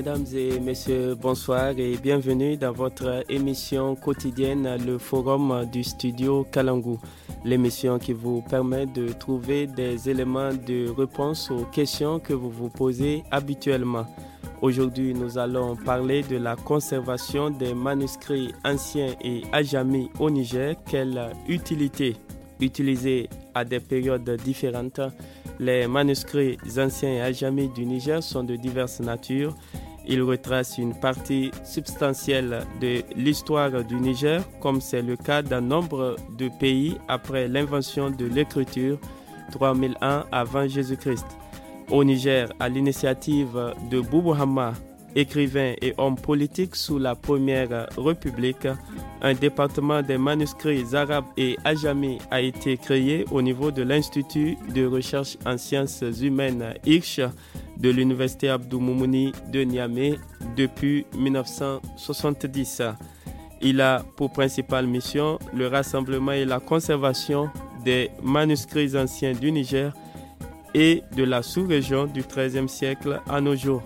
Mesdames et messieurs, bonsoir et bienvenue dans votre émission quotidienne, le forum du studio Kalangou. L'émission qui vous permet de trouver des éléments de réponse aux questions que vous vous posez habituellement. Aujourd'hui, nous allons parler de la conservation des manuscrits anciens et ajamis au Niger. Quelle utilité utilisée à des périodes différentes, les manuscrits anciens et ajamis du Niger sont de diverses natures il retrace une partie substantielle de l'histoire du Niger, comme c'est le cas dans nombre de pays après l'invention de l'écriture 3001 avant Jésus-Christ. Au Niger, à l'initiative de Boubou Hama, écrivain et homme politique sous la Première République, un département des manuscrits arabes et ajami a été créé au niveau de l'Institut de recherche en sciences humaines ICH de l'université Abdou Moumouni de Niamey depuis 1970. Il a pour principale mission le rassemblement et la conservation des manuscrits anciens du Niger et de la sous-région du XIIIe siècle à nos jours.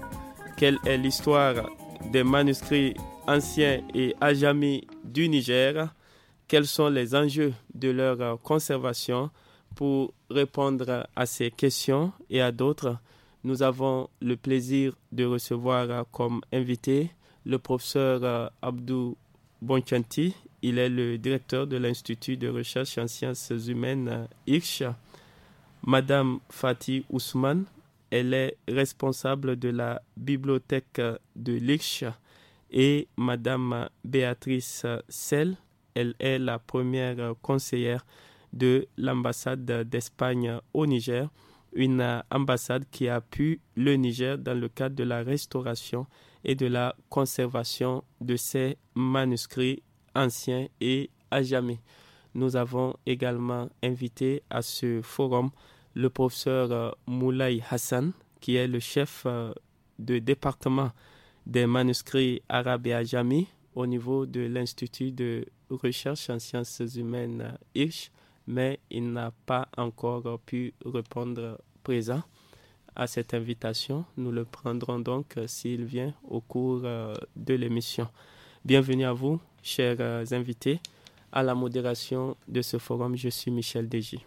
Quelle est l'histoire des manuscrits anciens et ajami du Niger Quels sont les enjeux de leur conservation Pour répondre à ces questions et à d'autres, nous avons le plaisir de recevoir euh, comme invité le professeur euh, Abdou Bonchanti. Il est le directeur de l'Institut de recherche en sciences humaines IRCH. Euh, Madame Fatih Ousmane, elle est responsable de la bibliothèque de Lich. Et Madame Béatrice Sell, elle est la première conseillère de l'ambassade d'Espagne au Niger une euh, ambassade qui a pu le Niger dans le cadre de la restauration et de la conservation de ces manuscrits anciens et à jamais. Nous avons également invité à ce forum le professeur euh, Moulay Hassan, qui est le chef euh, de département des manuscrits arabes et à au niveau de l'Institut de recherche en sciences humaines IRCH mais il n'a pas encore pu répondre présent à cette invitation. Nous le prendrons donc euh, s'il vient au cours euh, de l'émission. Bienvenue à vous, chers euh, invités, à la modération de ce forum. Je suis Michel Dégy.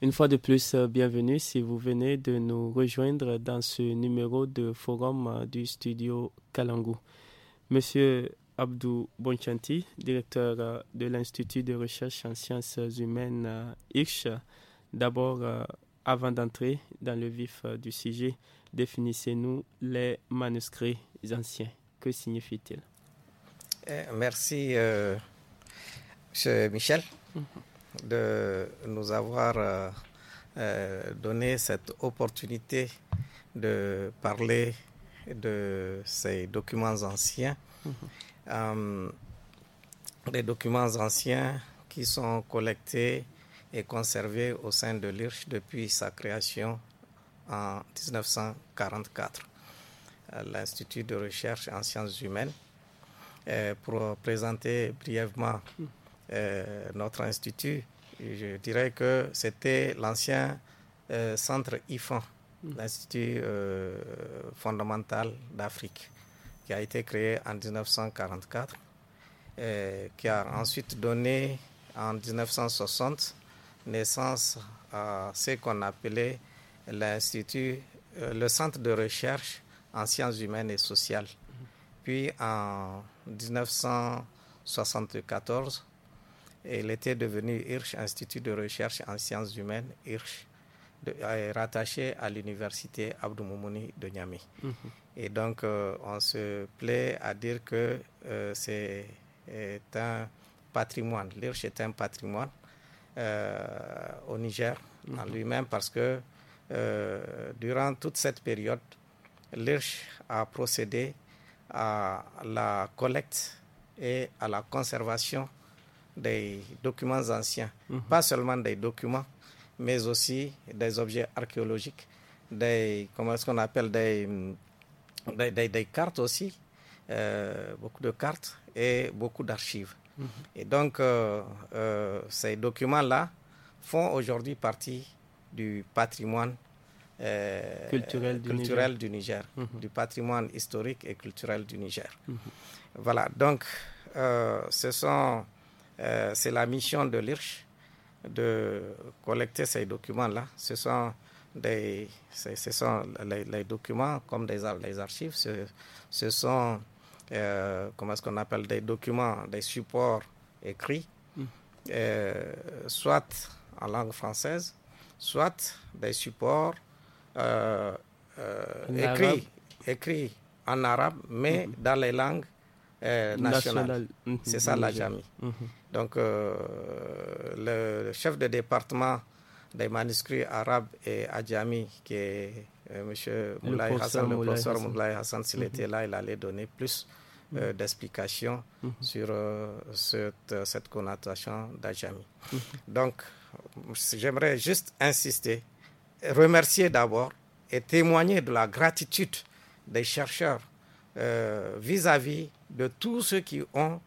Une fois de plus, bienvenue si vous venez de nous rejoindre dans ce numéro de forum du studio Kalangu. Monsieur Abdou Bonchanti, directeur euh, de l'Institut de recherche en sciences humaines IRCH. Euh, D'abord, euh, avant d'entrer dans le vif du sujet, définissez-nous les manuscrits anciens. Que signifie-t-il eh, Merci, M. Michel, mhm. de nous avoir donné cette opportunité de parler de ces documents anciens. Mhm. Euh, des documents anciens qui sont collectés et conservés au sein de l'IRCH depuis sa création en 1944. L'Institut de recherche en sciences humaines. pour présenter brièvement euh, notre institut, je dirais que c'était l'ancien euh, centre IFAN, mm. l'Institut fondamental d'Afrique qui a été créé en 1944, et qui a ensuite donné en 1960 naissance à ce qu'on appelait l'Institut, euh, le Centre de recherche en sciences humaines et sociales. Puis en 1974, il était devenu IRCH, Institut de recherche en sciences humaines, rattaché à l'université Abdou Moumouni de Niamey. Mhm. Et donc, euh, on se plaît à dire que euh, c'est un patrimoine, L'IRCH est un patrimoine au Niger en mhm. lui-même parce que euh, durant toute cette période, L'IRCH a procédé à la collecte et à la conservation des documents anciens, mhm. pas seulement des documents, mais aussi des objets archéologiques, des, comment est-ce qu'on appelle, des, des, cartes aussi, euh, beaucoup de cartes et beaucoup d'archives. Mhm. Et donc, euh, euh, ces documents-là font aujourd'hui partie du patrimoine culturel, du, Niger. Mhm. du patrimoine historique et culturel du Niger. Mhm. Voilà, donc euh, c'est la mission de l'IRCH de collecter ces documents-là. Ce sont des, ce sont les, documents comme des, les archives, ce, ce sont, euh, comment est-ce qu'on appelle, des documents, des supports écrits, mmh. euh, soit en langue française, soit des supports euh, écrits, écrits en arabe, mais mmh. dans les langues nationales. Mmh. C'est ça l'ajami. Donc, euh, le chef de département des manuscrits arabes et adjami, qui est euh, Monsieur M. Moulay Hassan, le professeur Moulay Hassan, s'il mm-hmm. était là, il allait donner plus euh, mm-hmm. d'explications mm-hmm. sur cette, cette, connotation d'adjami. Donc, j'aimerais juste insister, remercier d'abord et témoigner de la gratitude des chercheurs vis à -vis de tous ceux qui ont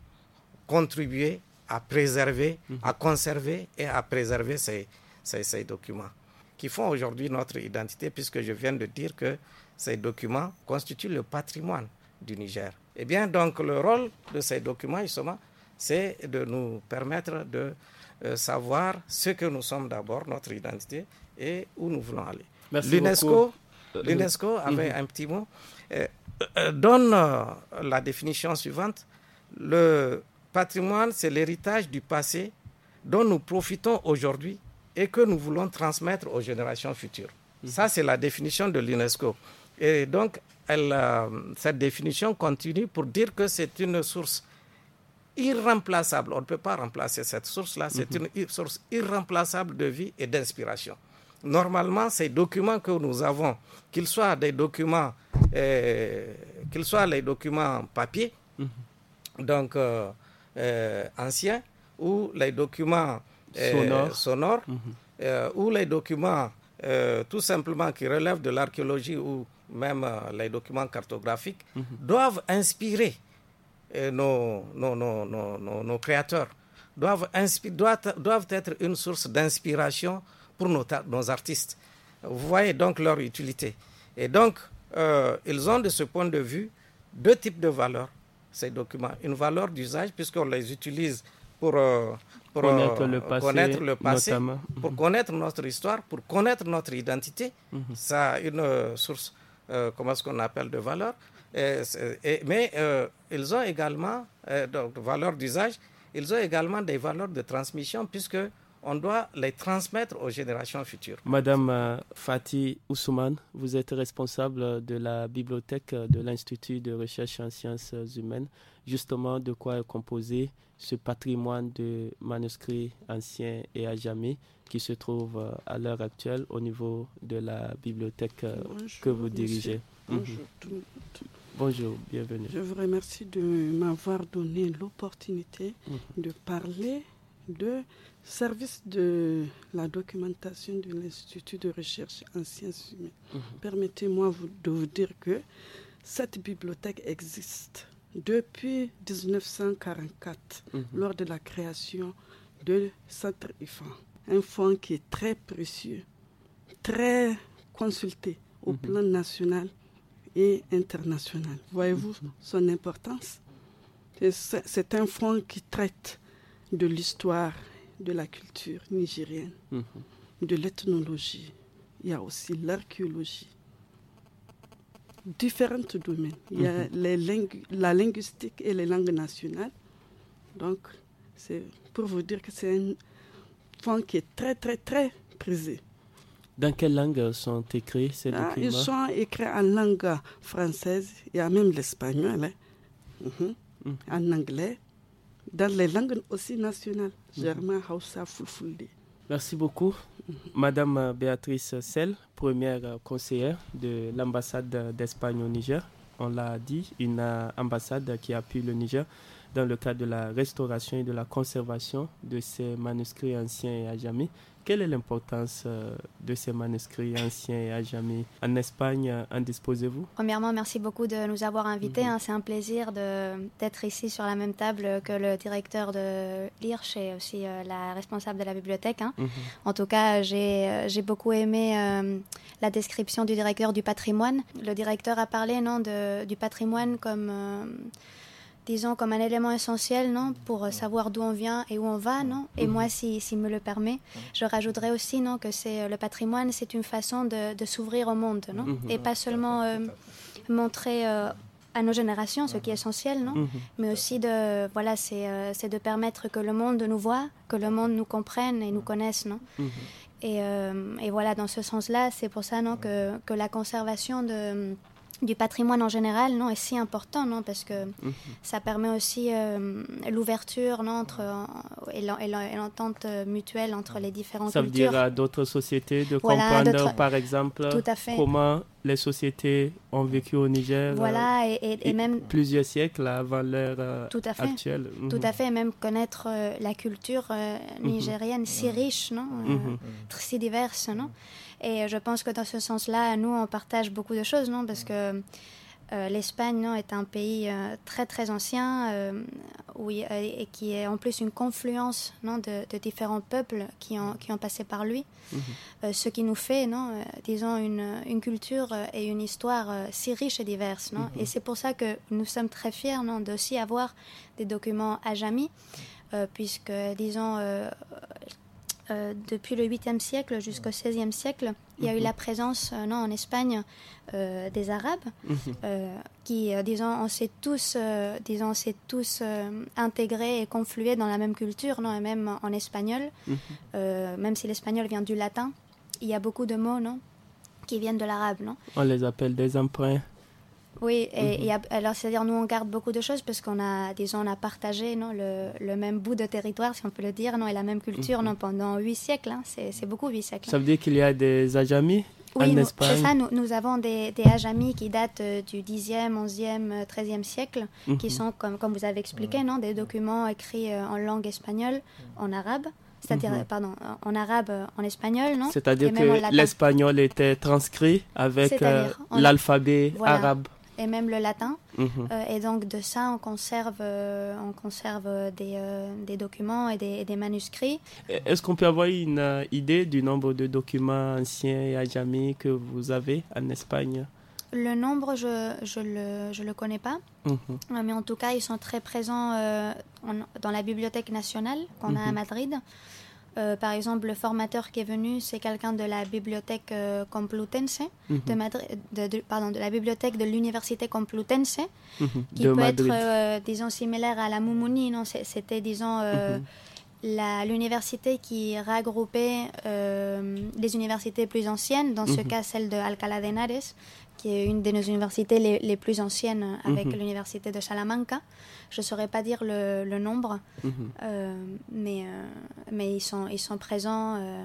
contribué à préserver, mhm. à conserver et à préserver ces, ces, documents qui font aujourd'hui notre identité, puisque je viens de dire que ces documents constituent le patrimoine du Niger. Eh bien, donc, le rôle de ces documents, justement, c'est de nous permettre de euh, savoir ce que nous sommes d'abord, notre identité, et où nous voulons aller. L'UNESCO, euh, l'UNESCO avait mhm. un petit mot, euh, donne la définition suivante. Le Patrimoine, c'est l'héritage du passé dont nous profitons aujourd'hui et que nous voulons transmettre aux générations futures. Mhm. Ça, c'est la définition de l'UNESCO. Et donc, elle, euh, cette définition continue pour dire que c'est une source irremplaçable. On ne peut pas remplacer cette source-là. C'est mhm. une source irremplaçable de vie et d'inspiration. Normalement, ces documents que nous avons, qu'ils soient des documents, euh, qu'ils soient les documents papier, mhm. donc euh, euh, anciens ou les documents euh, sonores, mhm. euh, ou les documents tout simplement qui relèvent de l'archéologie ou même les documents cartographiques, mhm. doivent inspirer nos, nos, nos, créateurs, doivent, doivent, doivent, être une source d'inspiration pour nos, nos, artistes. Vous voyez donc leur utilité. Et donc, ils ont de ce point de vue deux types de valeurs ces documents, une valeur d'usage puisqu'on les utilise pour, euh, pour euh, connaître, le passé, notamment. pour mhm. connaître notre histoire, pour connaître notre identité. Mhm. Ça a une euh, source, comment est ce qu'on appelle, de valeur. Et, mais ils ont également, donc valeur d'usage, ils ont également des valeurs de transmission puisque on doit les transmettre aux générations futures. Madame euh, Fatih Ousmane, vous êtes responsable de la bibliothèque de l'Institut de recherche en sciences humaines. Justement, de quoi est composé ce patrimoine de manuscrits anciens et à jamais qui se trouve euh, à l'heure actuelle au niveau de la bibliothèque euh, que vous dirigez mhm. Bonjour, bienvenue. Je vous remercie de m'avoir donné l'opportunité mhm. de parler de Service de la documentation de l'Institut de recherche en sciences humaines. Mhm. Permettez-moi de vous dire que cette bibliothèque existe depuis 1944, mhm. lors de la création de Centre IFAN. Un fonds qui est très précieux, très consulté au mhm. plan national et international. Voyez-vous son importance C'est un fonds qui traite de l'histoire de la culture nigérienne, mhm. de l'ethnologie. Il y a aussi l'archéologie. Différents domaines. Il y a mhm. la linguistique et les langues nationales. Donc, c'est pour vous dire que c'est un point qui est très, très, très prisé. Dans quelles langues sont écrits ces ah, documents Ils sont écrits en langue française. Il y a même l'espagnol, hein. mhm. en anglais, dans les langues aussi nationales, germain, hausa, fulfulde. Merci beaucoup, Madame euh, Béatrice Sel, première euh, conseillère de l'ambassade d'Espagne au Niger. On l'a dit, une euh, ambassade qui appuie le Niger dans le cadre de la restauration et de la conservation de ces manuscrits anciens et jamais. Quelle est l'importance euh, de ces manuscrits anciens et à jamais En Espagne, euh, en disposez-vous Premièrement, merci beaucoup de nous avoir invités. Mhm. Hein. C'est un plaisir d'être ici sur la même table que le directeur de l'IRCH et aussi euh, la responsable de la bibliothèque. Hein. Mhm. En tout cas, j'ai beaucoup aimé la description du directeur du patrimoine. Le directeur a parlé non, de, du patrimoine comme disons, comme un élément essentiel, non, pour euh, savoir d'où on vient et où on va, non. Et mhm. moi, s'il si, si me le permet, mhm. je rajouterais aussi, non, que c'est euh, le patrimoine, c'est une façon de, s'ouvrir au monde, non, mhm. et pas seulement euh, montrer. à nos générations, ce qui est essentiel, non Mais aussi de, voilà, c'est de permettre que le monde nous voit, que le monde nous comprenne et nous connaisse, non et, et, voilà, dans ce sens-là, c'est pour ça, non, que, que la conservation de du patrimoine en général non est si important non parce que mhm. ça permet aussi euh, l'ouverture non entre euh, et l'entente euh, mutuelle entre les différentes ça veut dire à d'autres sociétés de comprendre par exemple comment les sociétés ont vécu au Niger voilà et, même plusieurs siècles avant l'ère actuelle mhm. Tout à fait et même connaître la culture mhm. nigérienne si riche non si diverse non et euh, je pense que dans ce sens-là, nous, on partage beaucoup de choses, non Parce mm. que euh, l'Espagne l'Espagne est un pays euh, très très ancien et qui est en plus une confluence non, de, différents peuples qui ont, mm. qui ont passé par lui, mm-hmm. ce qui nous fait, non, disons, une, une, culture et une histoire si riche et diverse. Non mm-hmm. Et c'est pour ça que nous sommes très fiers d'aussi avoir des documents à jamie mm. puisque, disons, euh, depuis le 8e siècle jusqu'au 16e siècle, il y a eu mhm. la présence euh, non, en Espagne euh, des Arabes mhm. qui, disons, on s'est tous, disons, tous intégrés et conflués dans la même culture, non, et même en espagnol, mhm. même si l'espagnol vient du latin, il y a beaucoup de mots non, qui viennent de l'arabe. Non on les appelle des emprunts. Oui, et, mhm. alors c'est-à-dire nous on garde beaucoup de choses parce qu'on a, disons, on a partagé non, le, même bout de territoire, si on peut le dire, non, et la même culture mhm. non, pendant huit siècles. Hein, c'est beaucoup huit siècles. Ça veut dire qu'il y a des ajamis oui, c'est ça, nous, nous, avons des, des ajamis qui datent euh, du 10e, 11e, 13e siècle, qui mhm. sont, comme, comme vous avez expliqué, non, des documents écrits euh, en langue espagnole, en arabe, c'est-à-dire, pardon, en arabe, euh, en espagnol, non C'est-à-dire que l'espagnol était transcrit avec l'alphabet arabe et même le latin. Mhm. Euh, et donc de ça, on conserve, euh, on conserve euh, des, documents et des, manuscrits. Est-ce qu'on peut avoir une idée du nombre de documents anciens et ajami que vous avez en Espagne le nombre, je ne je le, je le, connais pas, mhm. mais en tout cas, ils sont très présents dans la Bibliothèque nationale qu'on a à mhm. Madrid. Euh, par exemple, le formateur qui est venu, c'est quelqu'un de la bibliothèque euh, complutense, mhm. de, la bibliothèque de l'université complutense, mhm. qui peut être, euh, disons, similaire à la Moumouni. c'était, disons, mhm. l'université qui regroupait les universités plus anciennes, dans ce cas celle de Alcalá de Henares qui est une de nos universités les, plus anciennes avec mhm. l'université de Salamanca. Je ne saurais pas dire le, nombre, mhm. euh, mais, euh, mais ils, sont, ils sont présents euh,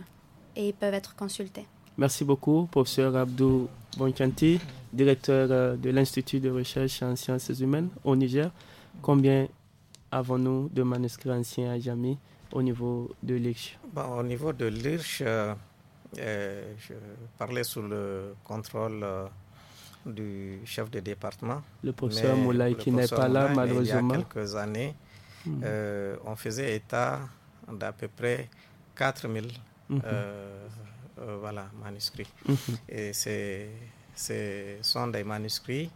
et ils peuvent être consultés. Merci beaucoup, professeur Abdou Bonchanti, directeur de l'Institut de recherche en sciences humaines au Niger. Combien avons-nous de manuscrits anciens à Jamy au niveau de l'IRCH Au niveau de l'IRCH, je parlais sous le contrôle du chef de département. Le professeur Moulay qui n'est pas là malheureusement. Il y a quelques années, hmm. euh, on faisait état d'à peu près 4000 hmm. euh, euh, voilà, manuscrits. Hmm. Et ce sont des manuscrits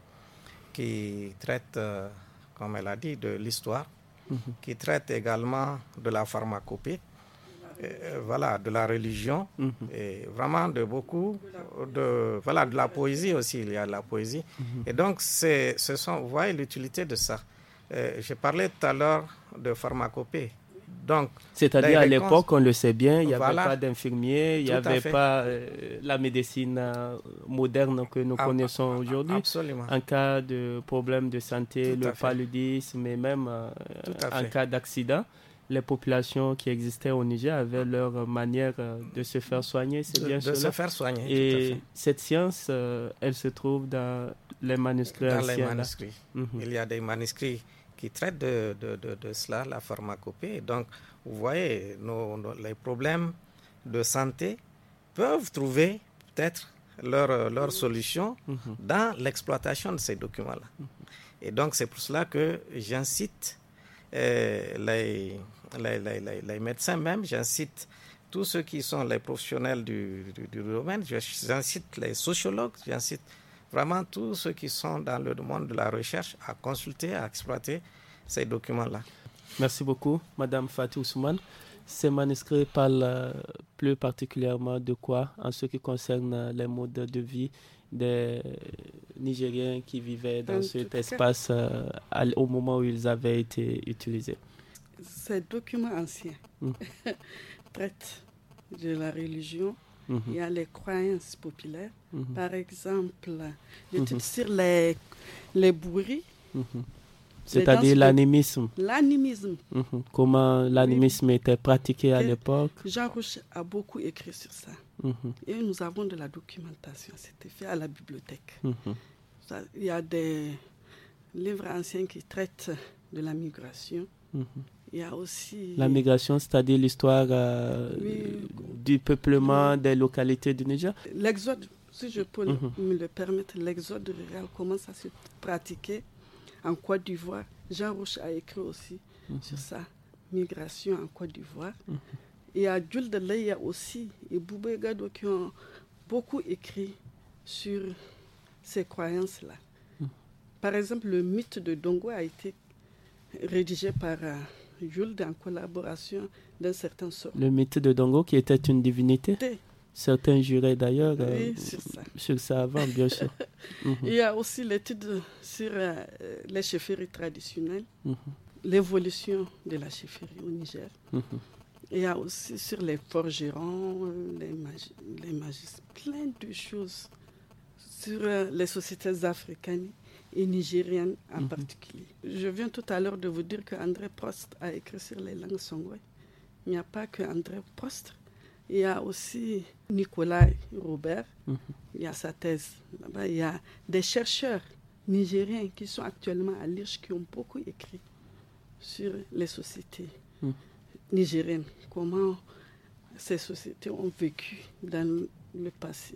qui traitent, comme elle a dit, de l'histoire, qui traitent également de la pharmacopée euh, euh, voilà, de la religion, mhm. et vraiment de beaucoup, de, voilà, de la poésie aussi, il y a de la poésie. Mhm. Et donc, ce sont, vous voyez l'utilité de ça. Euh, je J'ai parlé tout à l'heure de pharmacopée. Donc, c'est-à-dire à, l'époque, on le sait bien, il n'y avait pas d'infirmiers, il n'y avait pas la médecine moderne que nous connaissons aujourd'hui. Absolument. En cas de problème de santé, le paludisme et même en cas d'accident, les populations qui existaient au Niger avaient leur manière euh, de se faire soigner. C'est bien de se faire soigner. Et cette science, euh, elle se trouve dans les manuscrits. Dans les manuscrits. Mhm. Il y a des manuscrits qui traitent de, de, de, cela, la pharmacopée. Donc, vous voyez, nos, les problèmes de santé peuvent trouver peut-être leur, euh, leur, solution mhm. dans l'exploitation de ces documents-là. Mhm. Et donc, c'est pour cela que j'incite les les, médecins même, j'incite tous ceux qui sont les professionnels du, domaine, j'incite les sociologues, j'incite vraiment tous ceux qui sont dans le monde de la recherche à consulter, à exploiter ces documents-là. Merci beaucoup, Madame Fatou Ousmane. Ces manuscrits parlent euh, plus particulièrement de quoi en ce qui concerne euh, les modes de vie des Nigériens qui vivaient dans cet espace euh, au moment où ils avaient été utilisés ces documents anciens hum. traitent de la religion. Il y a les croyances populaires. Par exemple, sur les, les bourris. C'est-à-dire l'animisme. L'animisme. Comment l'animisme était pratiqué à l'époque. Jean Rouch a beaucoup écrit sur ça. Et nous avons de la documentation. C'était fait à la bibliothèque. il y a des livres anciens qui traitent de la migration, il y a aussi... La migration, c'est-à-dire l'histoire euh, du peuplement des localités du Niger L'exode, si je peux mhm. me le permettre, l'exode rural commence à se pratiquer en Côte d'Ivoire. Jean Rouche a écrit aussi mhm. sur ça, migration en Côte d'Ivoire. Mm -hmm. Et y a aussi et Boubé qui ont beaucoup écrit sur ces croyances-là. Mhm. Par exemple, le mythe de Dongo a été rédigé par... Euh, Jules en collaboration d'un certain sort. Le mythe de Dongo qui était une divinité Certains juraient d'ailleurs euh, sur, ça. avant, bien sûr. Il y a aussi l'étude sur euh, les chefferies traditionnelles, mhm. l'évolution de la chefferie au Niger. Mhm. Il y a aussi sur les forgerons, les, plein de choses sur euh, les sociétés africaines et nigérienne en mhm. particulier. Je viens tout à l'heure de vous dire que André Prost a écrit sur les langues sanguines. Il n'y a pas que André Prost. Il y a aussi Nicolas Robert. Mhm. Il y a sa thèse. Là-bas, il y a des chercheurs nigériens qui sont actuellement à Liège qui ont beaucoup écrit sur les sociétés mhm. nigériennes. Comment ces sociétés ont vécu dans le passé.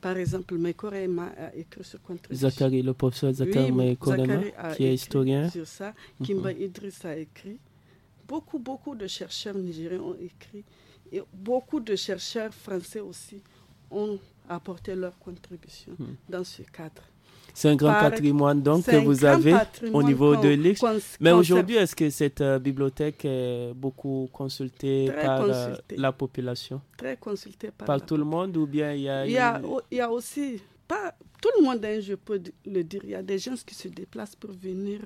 Par exemple, Mekorema a euh, écrit sur Zachary, le professeur Zachary Mekorema, qui est historien. ça. Kimba mm-hmm. Idris a écrit. Beaucoup, beaucoup de chercheurs nigériens ont écrit. Et beaucoup de chercheurs français aussi ont apporté leur contribution mm. dans ce cadre. C'est un grand patrimoine donc que vous avez au niveau de l'Ix. Mais aujourd'hui, est-ce que cette euh, bibliothèque est beaucoup consultée par euh, la population Très consultée par, tout le monde ou bien il y a... Il y a, aussi... Pas, tout le monde, hein, je peux le dire, il y a des gens qui se déplacent pour venir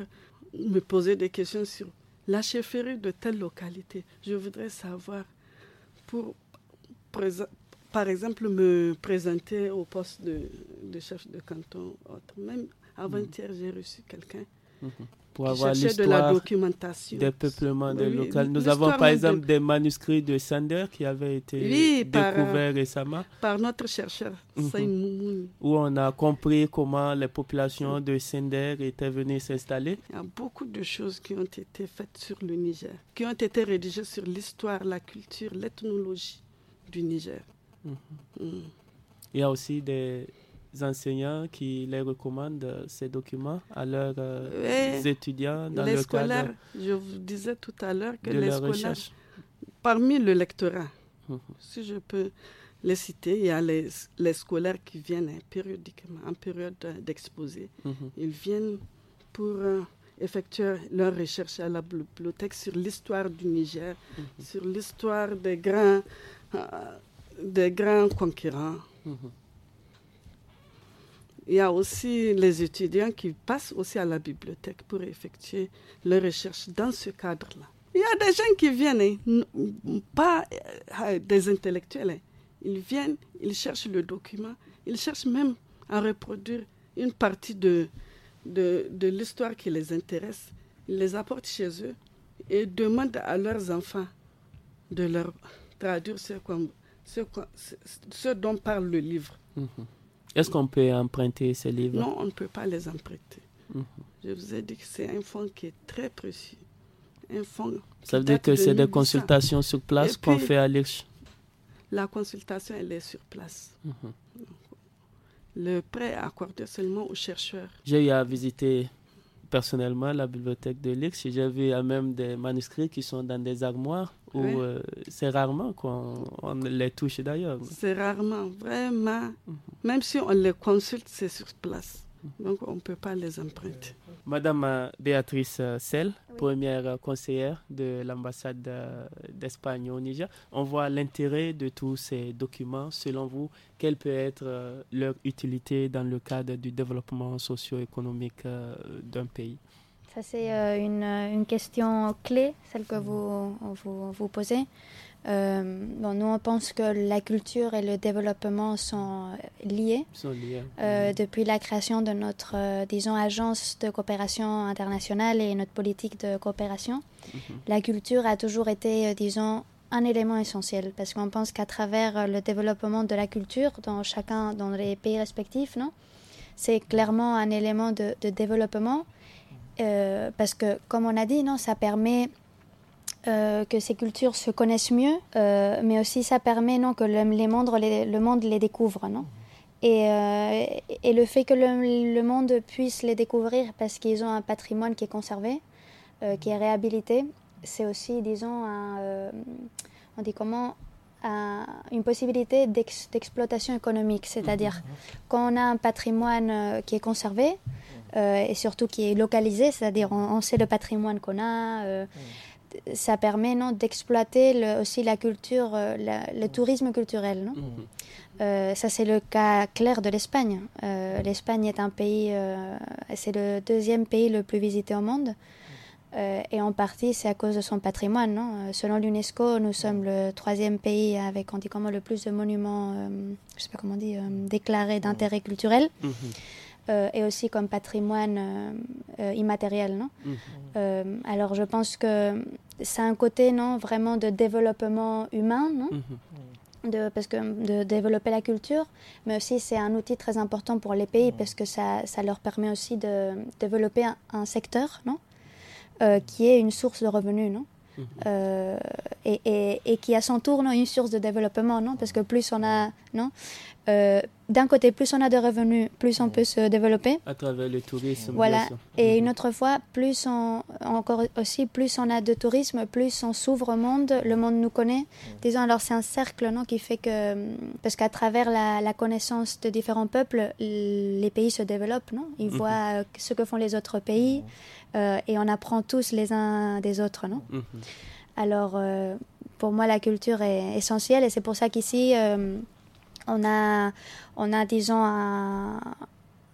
me poser des questions sur la chefferie de telle localité. Je voudrais savoir pour par exemple, me présenter au poste de, chef de canton. Autre. Même avant-hier, mhm. j'ai reçu quelqu'un mhm. pour avoir l'histoire de la documentation. des peuplements des oui, Nous avons par exemple des manuscrits de Sender qui avaient été découverts euh, récemment. Par notre chercheur, mm Où on a compris comment les populations de Sender étaient venues s'installer. Il y a beaucoup de choses qui ont été faites sur le Niger, qui ont été rédigées sur l'histoire, la culture, l'ethnologie du Niger. Il y a aussi des enseignants qui les recommandent euh, ces documents à leurs euh, étudiants dans les scolaires, Je vous disais tout à l'heure que les scolaires, parmi le lectorat, mhm. si je peux les citer, il y a les, scolaires qui viennent hein, périodiquement, en période euh, d'exposé. Mhm. Ils viennent pour effectuer leurs recherches à la bibliothèque sur l'histoire du Niger, mhm. sur l'histoire des grands des grands conquérants. Il y a aussi les étudiants qui passent aussi à la bibliothèque pour effectuer leurs recherches dans ce cadre-là. Il y a des gens qui viennent, hein, pas euh, euh, des intellectuels, hein. ils viennent, ils cherchent le document, ils cherchent même à reproduire une partie de, de, l'histoire qui les intéresse. Ils les apportent chez eux et demandent à leurs enfants de leur traduire ce qu'on ce, dont parle le livre. Mhm. Est-ce qu'on peut emprunter ces livres Non, on ne peut pas les emprunter. Mhm. Je vous ai dit que c'est un fonds qui est très précis. Un fonds Ça veut dire que c'est des consultations sur place qu'on fait à l'IRCH La consultation, elle est sur place. Mhm. Le prêt est accordé seulement aux chercheurs. J'ai eu à visiter personnellement la bibliothèque de l'IRCH et j'ai vu même des manuscrits qui sont dans des armoires ou, euh, c'est rarement qu'on les touche d'ailleurs. C'est rarement, vraiment. Mhm. Même si on les consulte, c'est sur place. Donc, on ne peut pas les emprunter. Madame euh, Béatrice euh, Sel, première conseillère de l'ambassade d'Espagne au Niger, on voit l'intérêt de tous ces documents. Selon vous, quelle peut être leur utilité dans le cadre du développement socio-économique d'un pays ça, c'est euh, euh, une, question clé, celle que vous vous, posez. Euh, nous, on pense que la culture et le développement sont liés. Sont liés. Depuis la création de notre, disons, agence de coopération internationale et notre politique de coopération, mhm. la culture a toujours été, disons, un élément essentiel parce qu'on pense qu'à travers le développement de la culture dans chacun, dans les pays respectifs, non, c'est clairement un élément de, de développement euh, parce que, comme on a dit, non, ça permet euh, que ces cultures se connaissent mieux, euh, mais aussi ça permet non, que le, les le monde les découvre. Non et, le fait que le, le, monde puisse les découvrir parce qu'ils ont un patrimoine qui est conservé, qui est réhabilité, c'est aussi, disons, un, on dit comment, euh, une possibilité d'exploitation économique, c'est-à-dire mhm. quand on a un patrimoine euh, qui est conservé euh, et surtout qui est localisé, c'est-à-dire on, sait le patrimoine qu'on a. Euh, mhm. Ça permet d'exploiter aussi la culture, le mhm. tourisme culturel. ça c'est le cas clair de l'Espagne. L'Espagne est un pays, c'est le deuxième pays le plus visité au monde. Euh, et en partie, c'est à cause de son patrimoine. Non euh, Selon l'UNESCO, nous sommes le troisième pays avec comment, le plus de monuments, euh, je sais pas comment on déclarés d'intérêt culturel. Mhm. et aussi comme patrimoine immatériel, non mhm. Alors, je pense que c'est un côté, non, vraiment de développement humain, non mhm. De, parce que, de développer la culture, mais aussi c'est un outil très important pour les pays parce que ça, ça leur permet aussi de développer un, un secteur, non euh, qui est une source de revenus, non mhm. euh, et, qui à son tour est une source de développement, non Parce que plus on a, non euh, d'un côté, plus on a de revenus, plus on peut se développer. À travers le tourisme. Voilà. Et mhm. une autre fois, plus on, encore aussi, plus on a de tourisme, plus on s'ouvre au monde, le monde nous connaît. Disons, alors c'est un cercle, non, qui fait que, parce qu'à travers la, connaissance de différents peuples, les pays se développent, non Ils mhm. voient euh, ce que font les autres pays euh, et on apprend tous les uns des autres, non mhm. Alors, pour moi, la culture est essentielle et c'est pour ça qu'ici, on a, on a disons, un,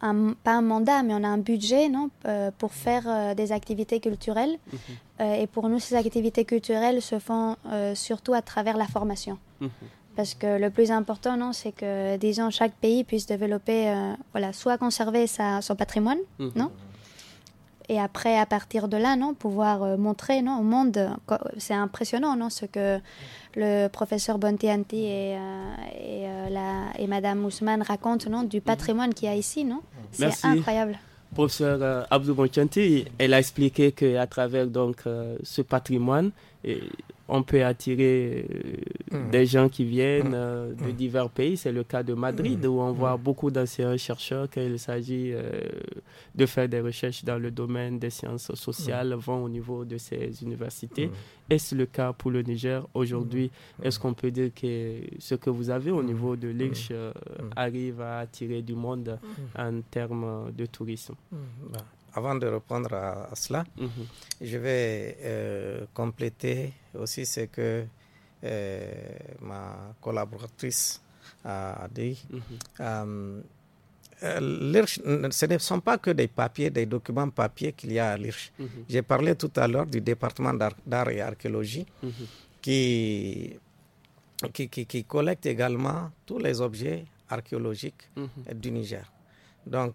pas un mandat, mais on a un budget non, euh, pour faire euh, des activités culturelles. Mhm. Euh, et pour nous, ces activités culturelles se font surtout à travers la formation. Mhm. Parce que le plus important, non, c'est que, disons, chaque pays puisse développer, voilà, soit conserver son patrimoine, mhm. non et après, à partir de là, non, pouvoir euh, montrer non, au monde, c'est impressionnant, non, ce que le professeur Bontianti et, euh, et, euh, la, et Madame Ousmane racontent, non, du mhm. patrimoine qu'il y a ici, non C'est incroyable professeur Abdou Bontianti, elle a expliqué qu'à travers donc, ce patrimoine, on peut attirer euh, mm. des gens qui viennent mm. euh, de mm. divers pays. C'est le cas de Madrid, où on voit beaucoup d'anciens-chercheurs, quand il s'agit euh, de faire des recherches dans le domaine des sciences sociales, vont au niveau de ces universités. Est-ce le cas pour le Niger aujourd'hui Est-ce qu'on peut dire que ce que vous avez au niveau de l'Irche arrive à attirer du monde en termes de tourisme bah, avant de reprendre à, cela, mhm. je vais euh, compléter aussi ce que euh, ma collaboratrice a dit. Mhm. Euh, ce ne sont pas que des papiers, des documents papier qu'il y a à l'IRCH. Mhm. J'ai parlé tout à l'heure du département d'art et archéologie qui qui, collecte également tous les objets archéologiques du Niger. Donc,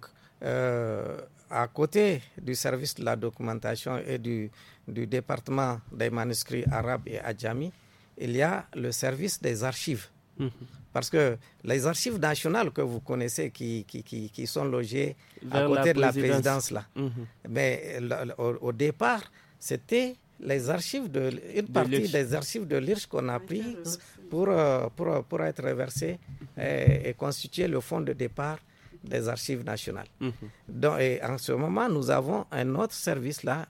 à côté du service de la documentation et du, du département des manuscrits arabes et adjami, il y a le service des archives. Mmh. Parce que les archives nationales que vous connaissez qui, qui, qui, sont logées à côté de la présidence, là. Mmh. Mais au, départ, c'était les archives de une partie des archives de l'IRCH qu'on a prises pour, euh, pour, euh, pour, être versées et constituer le fonds de départ des archives nationales. Mhm. et en ce moment, nous avons un autre service là,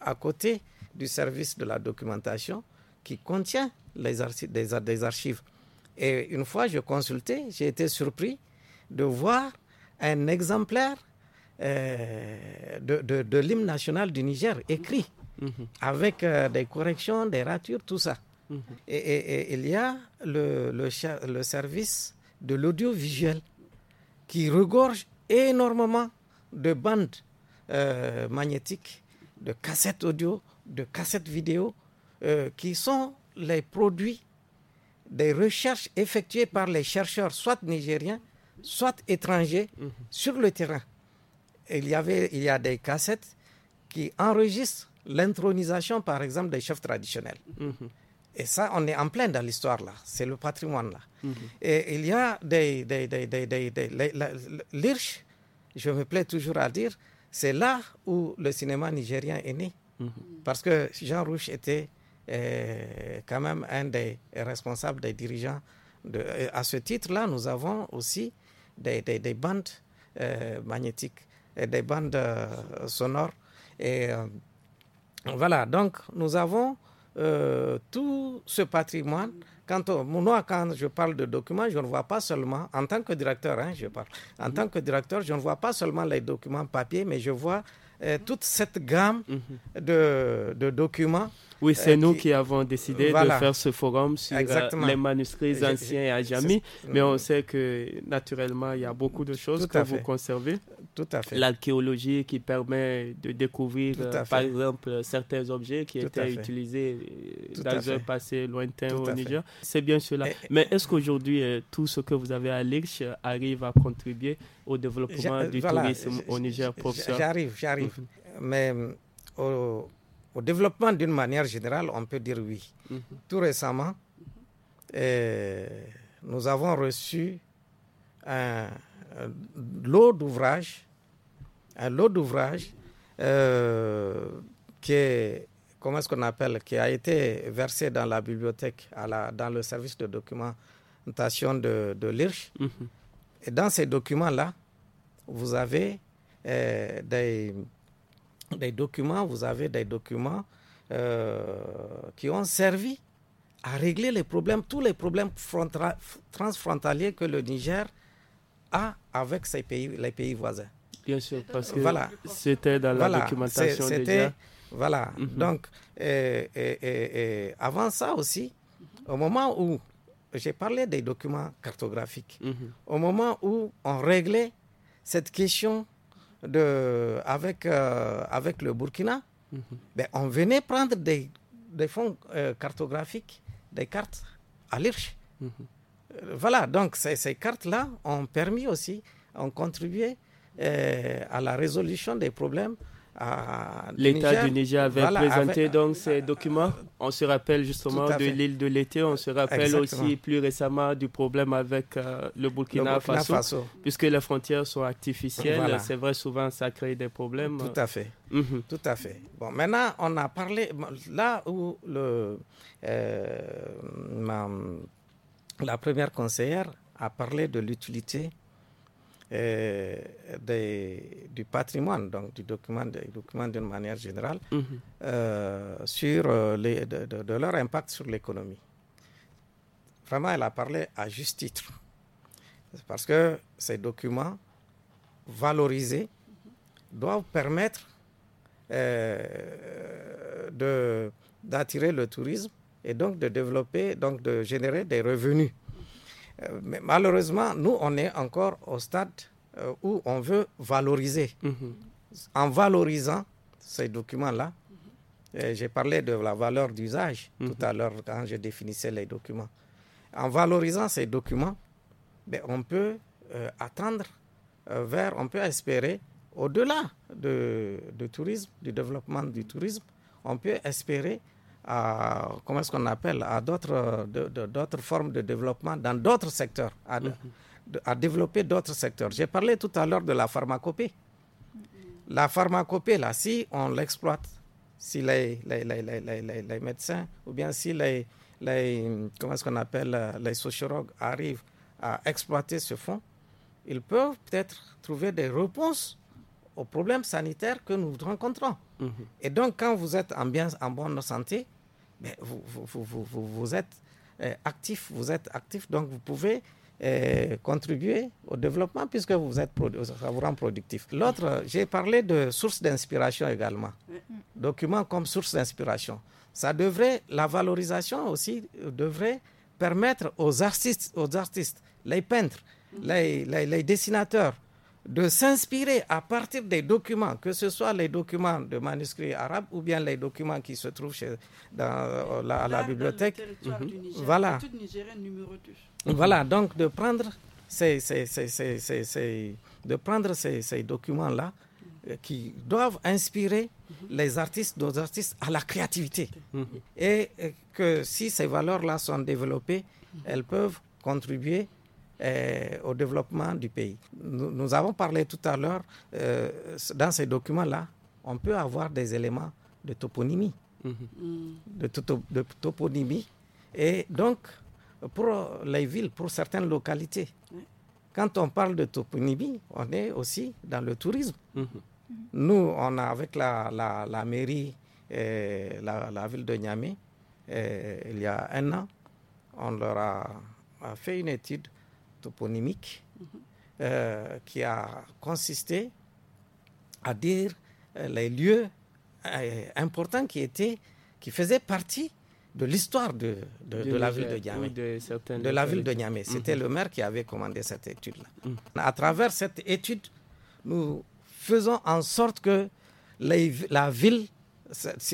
à côté du service de la documentation, qui contient les archives, des, archives. Et une fois, je consultais, j'ai été surpris de voir un exemplaire euh, de, l'hymne national du Niger écrit, mhm. avec euh, des corrections, des ratures, tout ça. Mhm. Et, il y a le service de l'audiovisuel qui regorge énormément de bandes euh, magnétiques, de cassettes audio, de cassettes vidéo, euh, qui sont les produits des recherches effectuées par les chercheurs, soit nigériens, soit étrangers, mhm. sur le terrain. il y, avait, il y a des cassettes qui enregistrent l'intronisation, par exemple, des chefs traditionnels. Mhm. Et ça, on est en plein dans l'histoire là. C'est le patrimoine là. Mhm. Et il y a des. des, des, des, des L'Irche, je me plais toujours à dire, c'est là où le cinéma nigérien est né. Mhm. Parce que Jean Rouch était euh, quand même un des responsables des dirigeants. De, euh, à ce titre-là, nous avons aussi des, des bandes euh, magnétiques, et des bandes sonores. Et voilà, donc nous avons euh, tout ce patrimoine. Quand on, moi, quand je parle de documents, je ne vois pas seulement, en tant que directeur, hein, je parle, en tant que directeur, je ne vois pas seulement les documents papier, mais je vois euh, toute cette gamme mhm. de documents oui, euh, c'est nous qui... avons décidé de faire ce forum sur euh, les manuscrits anciens et à Jamy, mais on mm. sait que naturellement, il y a beaucoup de choses que vous conservez. Tout à fait. L'archéologie qui permet de découvrir, euh, par exemple, certains objets qui étaient utilisés dans un passé lointain au Niger. C'est bien cela. mais est-ce qu'aujourd'hui, tout ce que vous avez à l'IRCH arrive à contribuer au développement du tourisme au Niger, professeur J'arrive, j'arrive. Mhm. Mais au, au développement d'une manière générale, on peut dire oui. Mhm. Tout récemment, euh, nous avons reçu un, lot d'ouvrages, un lot d'ouvrages euh, qui comment est appelle, qui a été versé dans la bibliothèque, dans le service de documentation de, de l'IRCH. Mhm. Et dans ces documents-là, vous avez euh, des des documents, vous avez des documents euh, qui ont servi à régler les problèmes, tous les problèmes transfrontaliers que le Niger a avec ses pays, les pays voisins. Bien sûr, parce que c'était dans la documentation déjà. Voilà. Mhm. Donc, et, avant ça aussi, au moment où j'ai parlé des documents cartographiques, mhm. au moment où on réglait cette question de, avec, euh, avec le Burkina, mhm. ben, on venait prendre des, fonds euh, cartographiques, des cartes à l'Irche. Mhm. Euh, voilà, donc ces, ces cartes-là ont permis aussi, ont contribué à la résolution des problèmes L'État du Niger avait présenté donc ces euh, documents. On se rappelle justement de l'île de l'été, on se rappelle aussi plus récemment du problème avec euh, le, Burkina, Faso, puisque les frontières sont artificielles. C'est vrai, souvent ça crée des problèmes. Tout à fait. Mhm. Tout à fait. Bon, maintenant, on a parlé là où le, euh, la première conseillère a parlé de l'utilité euh, du patrimoine, donc du document, des documents d'une manière générale, mhm. euh, sur euh, les, de, leur impact sur l'économie. Vraiment, elle a parlé à juste titre, parce que ces documents valorisés doivent permettre euh, d'attirer le tourisme et donc de développer, donc de générer des revenus euh, mais malheureusement, nous, on est encore au stade euh, où on veut valoriser. Mhm. En valorisant ces documents-là, euh, j'ai parlé de la valeur d'usage tout à mhm. l'heure quand je définissais les documents. En valorisant ces documents, ben, on peut attendre vers, on peut espérer au-delà du de, de tourisme, du développement du tourisme, on peut espérer à, comment est-ce qu'on appelle, à d'autres, d'autres formes de développement dans d'autres secteurs, mhm. à, développer d'autres secteurs. J'ai parlé tout à l'heure de la pharmacopée. La pharmacopée, là, si on l'exploite, si les, les, les, les, médecins ou bien si les, comment est-ce qu'on appelle, les sociologues arrivent à exploiter ce fonds, ils peuvent peut-être trouver des réponses aux problèmes sanitaires que nous rencontrons. Mhm. Et donc, quand vous êtes en, en bonne santé, mais vous, vous, vous, vous êtes euh, actif, vous êtes actif, donc vous pouvez euh, contribuer au développement puisque vous êtes ça vous rend productif. L'autre, j'ai parlé de sources d'inspiration également, mm-hmm. documents comme source d'inspiration. Ça devrait, la valorisation aussi devrait permettre aux artistes, aux artistes, les peintres, mm-hmm. les, les, les dessinateurs, de s'inspirer à partir des documents, que ce soit les documents de manuscrits arabes ou bien les documents qui se trouvent chez, dans euh, la, à la bibliothèque. du mhm. Niger, voilà. Voilà, donc de prendre ces, ces, ces, ces de prendre ces, documents-là euh, qui doivent inspirer mhm. les artistes, nos artistes à la créativité. Et euh, que si ces valeurs-là sont développées, mhm. elles peuvent contribuer euh, au développement du pays. Nous, avons parlé tout à l'heure, euh, dans ces documents-là, on peut avoir des éléments de toponymie. Mm-hmm. De, toponymie. Et donc, pour les villes, pour certaines localités, quand on parle de toponymie, on est aussi dans le tourisme. Mm-hmm. Mm-hmm. Nous, on a avec la, la, mairie, et euh, la, ville de Niamey, il y a un an, on leur a fait une étude euh, qui a consisté à dire euh, les lieux euh, importants qui étaient, qui faisaient partie de l'histoire de, la ville de Niamey. de, la ville de mhm. C'était le maire qui avait commandé cette étude-là. Mhm. À travers cette étude, nous faisons en sorte que la ville,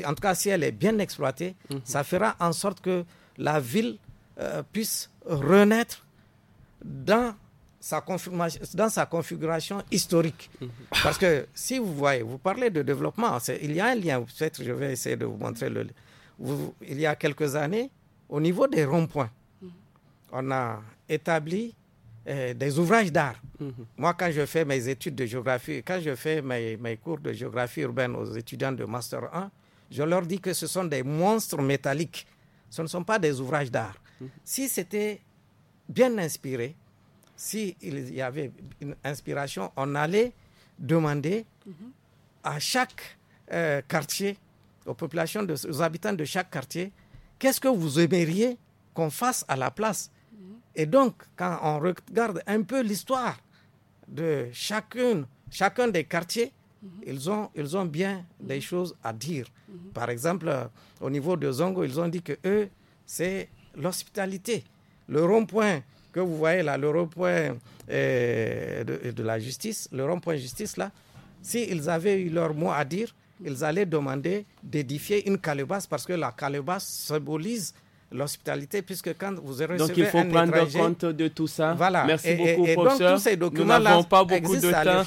en tout cas si elle est bien exploitée, mhm. ça fera en sorte que la ville puisse renaître dans sa, dans sa configuration historique. Mhm. Parce que si vous voyez, vous parlez de développement, il y a un lien, peut-être je vais essayer de vous montrer le vous, Il y a quelques années, au niveau des ronds-points, mhm. on a établi euh, des ouvrages d'art. Mhm. Moi, quand je fais mes études de géographie, quand je fais mes, mes, cours de géographie urbaine aux étudiants de Master 1, je leur dis que ce sont des monstres métalliques. Ce ne sont pas des ouvrages d'art. Si c'était bien inspiré, s'il y avait une inspiration, on allait demander à chaque euh, quartier, aux populations, aux habitants de chaque quartier, qu'est-ce que vous aimeriez qu'on fasse à la place mhm. Et donc, quand on regarde un peu l'histoire de chacune, chacun des quartiers, mhm. ils, ont, ils ont bien des mhm. choses à dire. Par exemple, euh, au niveau de Zongo, ils ont dit que eux, c'est l'hospitalité. Le rond-point que vous voyez là, le rond-point euh, de, la justice, le rond-point justice là, s'ils si avaient eu leur mot à dire, ils allaient demander d'édifier une calebasse parce que la calebasse symbolise l'hospitalité puisque quand vous recevez Donc il faut prendre étranger, compte de tout ça. Voilà. Merci et, beaucoup, et professeur. Donc, tous ces documents Nous n'avons pas beaucoup de temps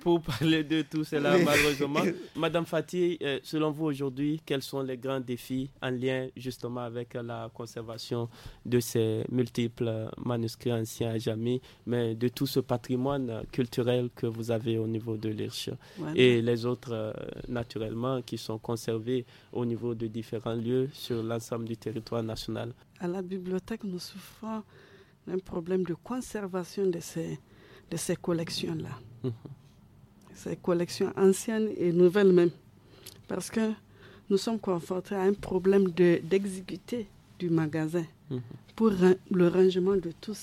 pour parler de tout cela, malheureusement. Madame Fatih, euh, selon vous aujourd'hui, quels sont les grands défis en lien justement avec la conservation de ces multiples manuscrits anciens à jamais, mais de tout ce patrimoine culturel que vous avez au niveau de l'Irche et les autres, euh, naturellement, qui sont conservés au niveau de différents lieux sur l'ensemble du territoire national À la bibliothèque, nous souffrons d'un problème de conservation de ces, de ces collections-là. Hum, hum ces collections anciennes et nouvelles même. Parce que nous sommes confrontés à un problème de du magasin mhm. pour le rangement de tout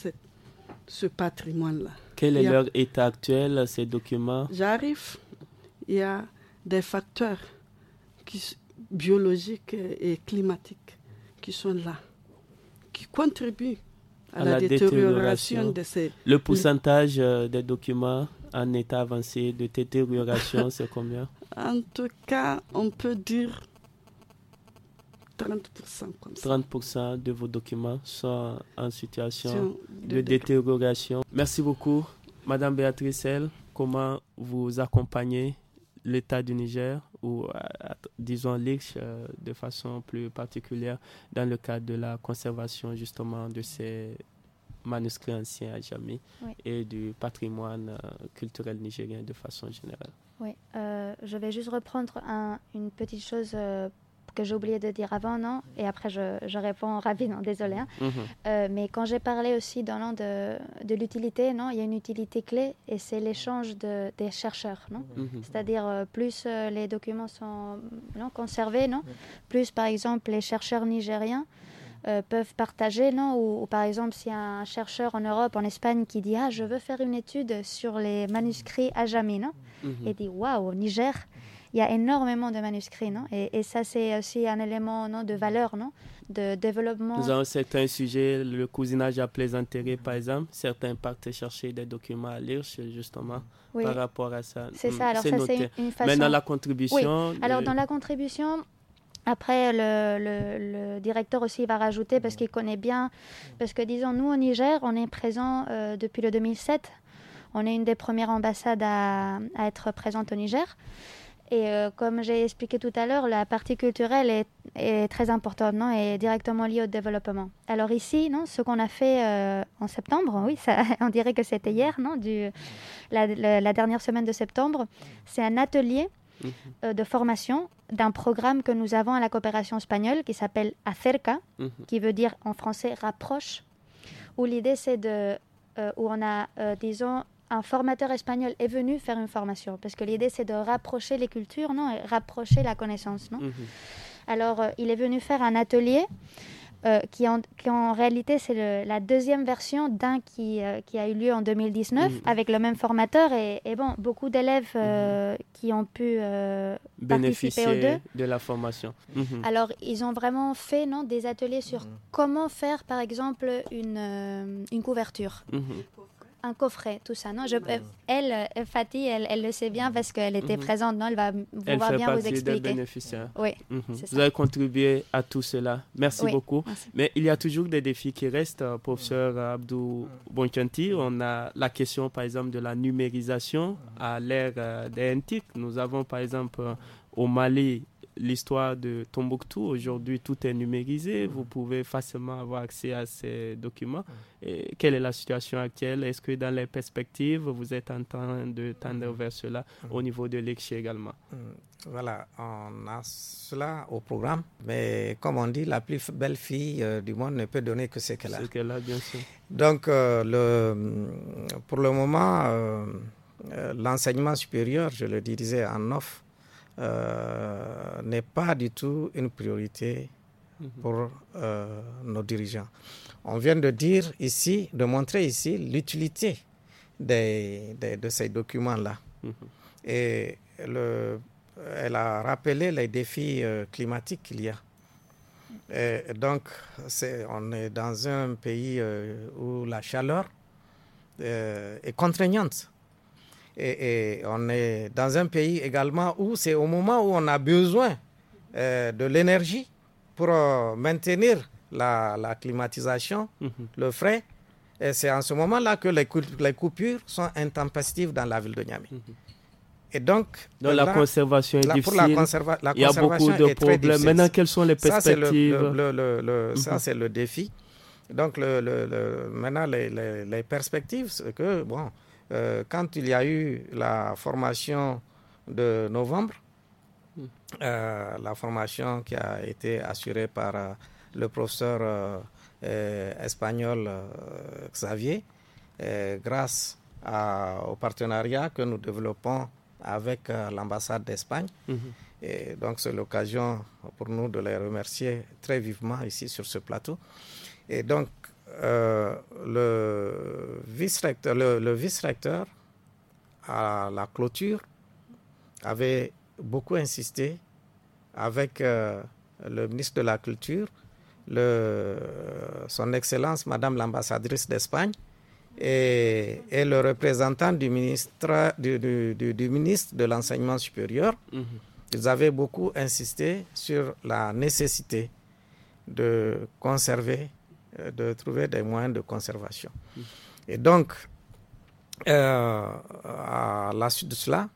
ce patrimoine-là. Quel est leur état actuel, ces documents J'arrive. Il y a des facteurs biologiques et climatiques qui sont là, qui contribuent à, la, détérioration, détérioration, de ces... Le pourcentage euh, des documents en état avancé de détérioration, c'est combien En tout cas, on peut dire 30%. Comme ça. 30% de vos documents sont en situation de, détérioration. Merci beaucoup, Madame Béatrice Comment vous accompagnez l'État du Niger ou, euh, disons, l'IRCH euh, de façon plus particulière dans le cadre de la conservation justement de ces manuscrits anciens à jamais et du patrimoine euh, culturel nigérien de façon générale. Oui, euh, je vais juste reprendre une petite chose euh, que j'ai oublié de dire avant, non Et après, je, je réponds rapidement, désolé. Hein. Mhm. mais quand j'ai parlé aussi dans de, de l'utilité, non Il y a une utilité clé et c'est l'échange de, des chercheurs, non mhm. C'est-à-dire, plus les documents sont non, conservés, non Plus, par exemple, les chercheurs nigériens euh, peuvent partager, non ou, par exemple, s'il y a un chercheur en Europe, en Espagne, qui dit ah je veux faire une étude sur les manuscrits à jamais, non mhm. Et dit waouh, au Niger, il y a énormément de manuscrits, non et, ça c'est aussi un élément non de valeur, non De développement. Dans certains sujets, le cousinage à plaisanterie, par exemple, certains partent chercher des documents à lire justement. par rapport à ça. C'est mm, ça, alors ça c'est une, façon... Mais dans la contribution... Oui. Alors dans la contribution, après, le, directeur aussi va rajouter parce mm. qu'il connaît bien. Parce que, disons, nous au Niger, on est présent euh, depuis le 2007. On est une des premières ambassades à, être présente au Niger. Et euh, comme j'ai expliqué tout à l'heure, la partie culturelle est, très importante non et directement liée au développement. Alors ici, non, ce qu'on a fait euh, en septembre, oui, ça, on dirait que c'était hier, non, du, la dernière semaine de septembre, mm. c'est un atelier Mhm. Euh, de formation d'un programme que nous avons à la coopération espagnole qui s'appelle Acerca, mhm. qui veut dire en français rapproche, où l'idée c'est de, euh, où on a, euh, disons, un formateur espagnol est venu faire une formation, parce que l'idée c'est de rapprocher les cultures, non, et rapprocher la connaissance, non. Mhm. Alors il est venu faire un atelier euh, qui, en, en, réalité c'est la deuxième version d'un qui, euh, a eu lieu en 2019 mm. avec le même formateur et, bon, beaucoup d'élèves euh, mm-hmm. qui ont pu bénéficier de la formation. Mm-hmm. Alors ils ont vraiment fait non, des ateliers sur mm-hmm. comment faire par exemple une, une couverture un coffret, tout ça. Non, je, euh, elle, euh, Fatih, elle, elle, le sait bien mm-hmm. parce qu'elle était mm-hmm. présente. Non, elle va pouvoir bien vous expliquer. Oui. Mm-hmm. Vous avez contribué à tout cela. Merci beaucoup. Mais il y a toujours des défis qui restent, hein, professeur Abdou Bonchanti. On a la question, par exemple, de la numérisation à l'ère euh, des antiques. Nous avons, par exemple, au Mali l'histoire de Tombouctou. Aujourd'hui, tout est numérisé. Mm. Vous pouvez facilement avoir accès à ces documents. Mm. Et quelle est la situation actuelle Est-ce que dans les perspectives, vous êtes en train de tendre mm. vers cela au niveau de l'ECHI également Voilà, on a cela au programme. Mais comme on dit, la plus belle fille euh, du monde ne peut donner que ce qu'elle a. Ce qu'elle a, bien sûr. Donc, euh, le, pour le moment, euh, l'enseignement supérieur, je le disais en offre, euh, n'est pas du tout une priorité mhm. pour euh, nos dirigeants. On vient de dire ici, de montrer ici l'utilité des, de ces documents-là. Mhm. Et le, elle a rappelé les défis euh, climatiques qu'il y a. Et donc, on est dans un pays où la chaleur est contraignante et, on est dans un pays également où c'est au moment où on a besoin euh, de l'énergie pour euh, maintenir la, climatisation, mhm. le frais. Et c'est en ce moment-là que les, coupures sont intempestives dans la ville de Niamey. Mhm. Et donc, donc la conservation est difficile. il y a beaucoup de problèmes. Maintenant, quelles sont les perspectives Ça, c'est le, le, mhm. défi. Donc, maintenant, les, les perspectives, c'est que, bon, euh, quand il y a eu la formation de novembre, hmm. euh, la formation qui a été assurée par euh, le professeur espagnol Xavier, grâce au partenariat que nous développons avec l'ambassade d'Espagne. Hmm. Et donc c'est l'occasion pour nous de les remercier très vivement ici sur ce plateau. Et donc euh, le vice-recteur le, à la clôture avait beaucoup insisté avec euh, le ministre de la Culture, son Excellence Madame l'ambassadrice d'Espagne et, le représentant du ministre, de l'Enseignement supérieur. Mhm. Ils avaient beaucoup insisté sur la nécessité de conserver de trouver des moyens de conservation. Et donc, euh, à la suite de cela,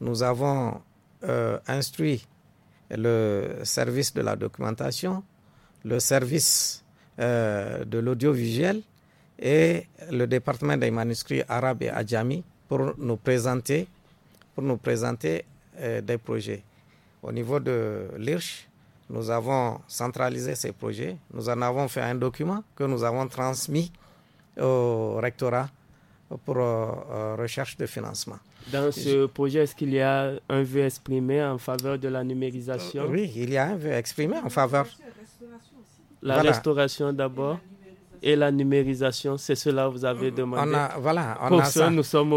nous avons euh, instruit le service de la documentation, le service euh, de l'audiovisuel et le département des manuscrits arabes et adjami pour nous présenter, pour nous présenter des projets. Au niveau de l'IRCH, nous avons centralisé ces projets, nous en avons fait un document que nous avons transmis au rectorat pour euh, euh, recherche de financement. Dans ce projet, est-ce qu'il y a un vœu exprimé en faveur de la numérisation euh, Oui, il y a un vœu exprimé en faveur. La restauration d'abord et la numérisation, c'est cela que vous avez mm-hmm. demandé. voilà, on a ça, nous sommes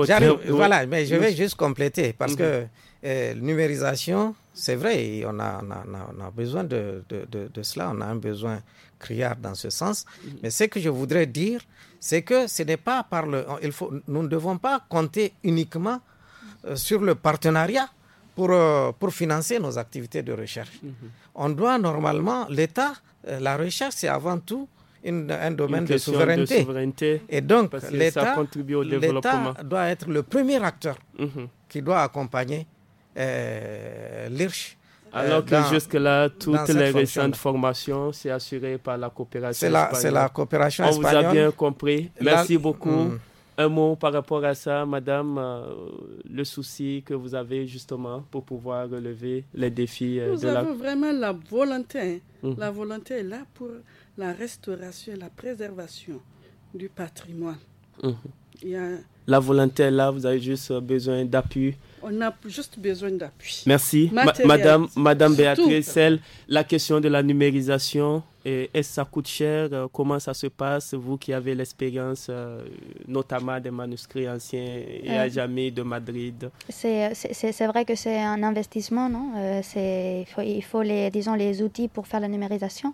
Voilà, mais je vais juste compléter parce mm-hmm. que la numérisation, c'est vrai, on a, on, a, besoin de, cela, on a un besoin criard dans ce sens. Mm. Mais ce que je voudrais dire, c'est que ce n'est pas par le. Il faut, nous ne devons pas compter uniquement euh, sur le partenariat pour, euh, pour financer nos activités de recherche. Mm-hmm. On doit normalement, l'État, euh, la recherche, c'est avant tout une, un domaine de, souveraineté. Et donc, l'État doit être le premier acteur mm-hmm. qui doit accompagner euh, euh, Alors que jusque-là, toutes les récentes formations, c'est assuré par la coopération espagnole. C'est la coopération On vous a bien compris. Merci beaucoup. Hmm. Un mot par rapport à ça, madame, euh, le souci que vous avez justement pour pouvoir relever les défis. Euh, nous avons vraiment la volonté. Hein. Hmm. La volonté est là pour la restauration et la préservation du patrimoine. Hmm. La volonté est là, vous avez juste besoin d'appui on a juste besoin d'appui. Merci. Madame, Madame Béatrice, la question de la numérisation est-ce que ça coûte cher euh, Comment ça se passe Vous qui avez l'expérience euh, notamment des manuscrits anciens et à jamais de Madrid. C'est vrai que c'est un investissement, non euh, il, faut, les, disons, les outils pour faire la numérisation.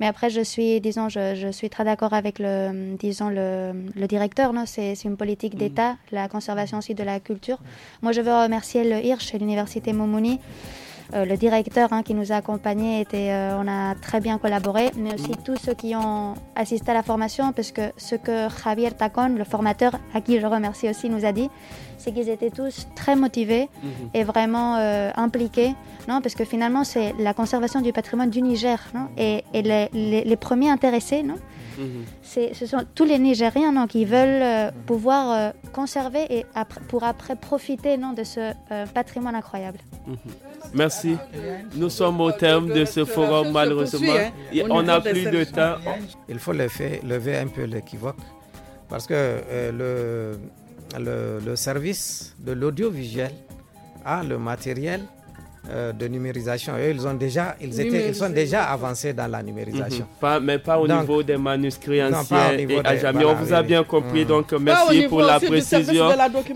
Mais après, je suis, disons, je, suis très d'accord avec le, disons, le, directeur. C'est une politique mm. d'État, la conservation aussi de la culture. Moi, je veux remercier le Hirsch et l'Université Momouni euh, le directeur hein, qui nous a accompagnés, était, euh, on a très bien collaboré, mais aussi mm. tous ceux qui ont assisté à la formation, parce que ce que Javier Tacon, le formateur, à qui je remercie aussi, nous a dit, c'est qu'ils étaient tous très motivés mm-hmm. et vraiment euh, impliqués, non parce que finalement, c'est la conservation du patrimoine du Niger, et, les, les premiers intéressés, non ce sont tous les Nigériens non, qui veulent euh, pouvoir euh, conserver et pour après profiter non, de ce euh, patrimoine incroyable. Mhm. Merci. Nous sommes au terme de ce forum, malheureusement. Hein. on n'a plus de temps. Il faut lever, lever un peu l'équivoque parce que le, le, le service de l'audiovisuel a le matériel euh, de numérisation. Eux, ils, ont déjà, ils, étaient, ils sont déjà avancés dans la numérisation. Mhm. pas, mais pas au niveau des manuscrits anciens et à on vous a bien compris, mhm. donc merci pour la précision.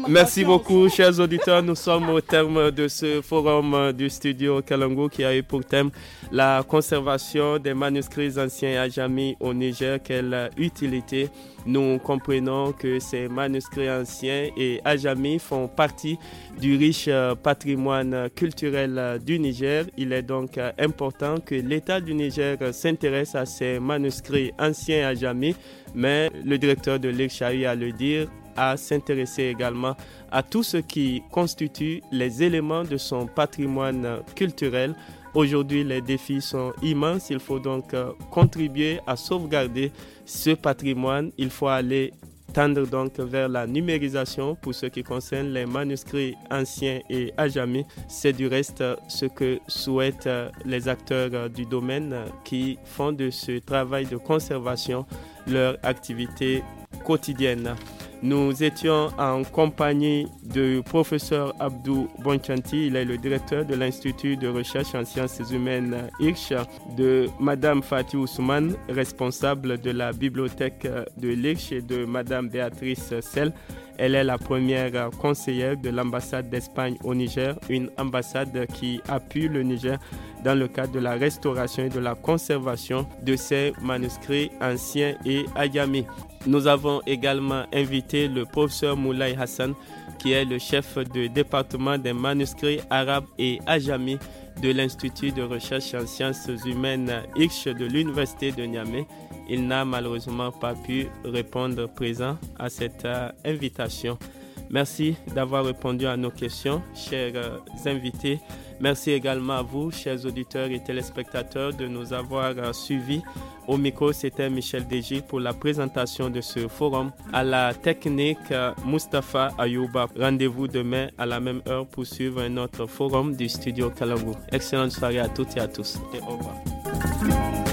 merci beaucoup, chers auditeurs. Nous sommes au terme de ce forum du studio Kalango qui a eu pour thème la conservation des manuscrits anciens et à jamais au Niger. Quelle utilité! Nous comprenons que ces manuscrits anciens et ajami font partie du riche euh, patrimoine culturel euh, du Niger. Il est donc euh, important que l'État du Niger s'intéresse à ces manuscrits anciens à jamais, mais le directeur de l'Irchaï a le dire, à s'intéresser également à tout ce qui constitue les éléments de son patrimoine culturel Aujourd'hui, les défis sont immenses. Il faut donc euh, contribuer à sauvegarder ce patrimoine. Il faut aller tendre donc vers la numérisation pour ce qui concerne les manuscrits anciens et à jamais. C'est du reste euh, ce que souhaitent euh, les acteurs du domaine qui font de ce travail de conservation leur activité quotidienne. Nous étions en compagnie du professeur Abdou Bonchanti, il est le directeur de l'Institut de recherche en sciences humaines IRCH, de Madame Fatih Ousmane, responsable de la bibliothèque de l'IRCH et de Madame Béatrice Selle. Elle est la première conseillère de l'ambassade d'Espagne au Niger, une ambassade qui appuie le Niger dans le cadre de la restauration et de la conservation de ses manuscrits anciens et ayamis. Nous avons également invité le professeur Moulay Hassan, qui est le chef de département des manuscrits arabes et ajami de l'Institut de recherche en sciences humaines X de l'Université de Niamey. Il n'a malheureusement pas pu répondre présent à cette euh, invitation. Merci d'avoir répondu à nos questions, chers euh, invités. Merci également à vous, chers auditeurs et téléspectateurs, de nous avoir euh, suivis. Au micro, c'était Michel Dj pour la présentation de ce forum. À la technique, euh, Mustapha Ayouba. Rendez-vous demain à la même heure pour suivre un autre forum du studio Calabou. Excellente soirée à toutes et à tous et au revoir.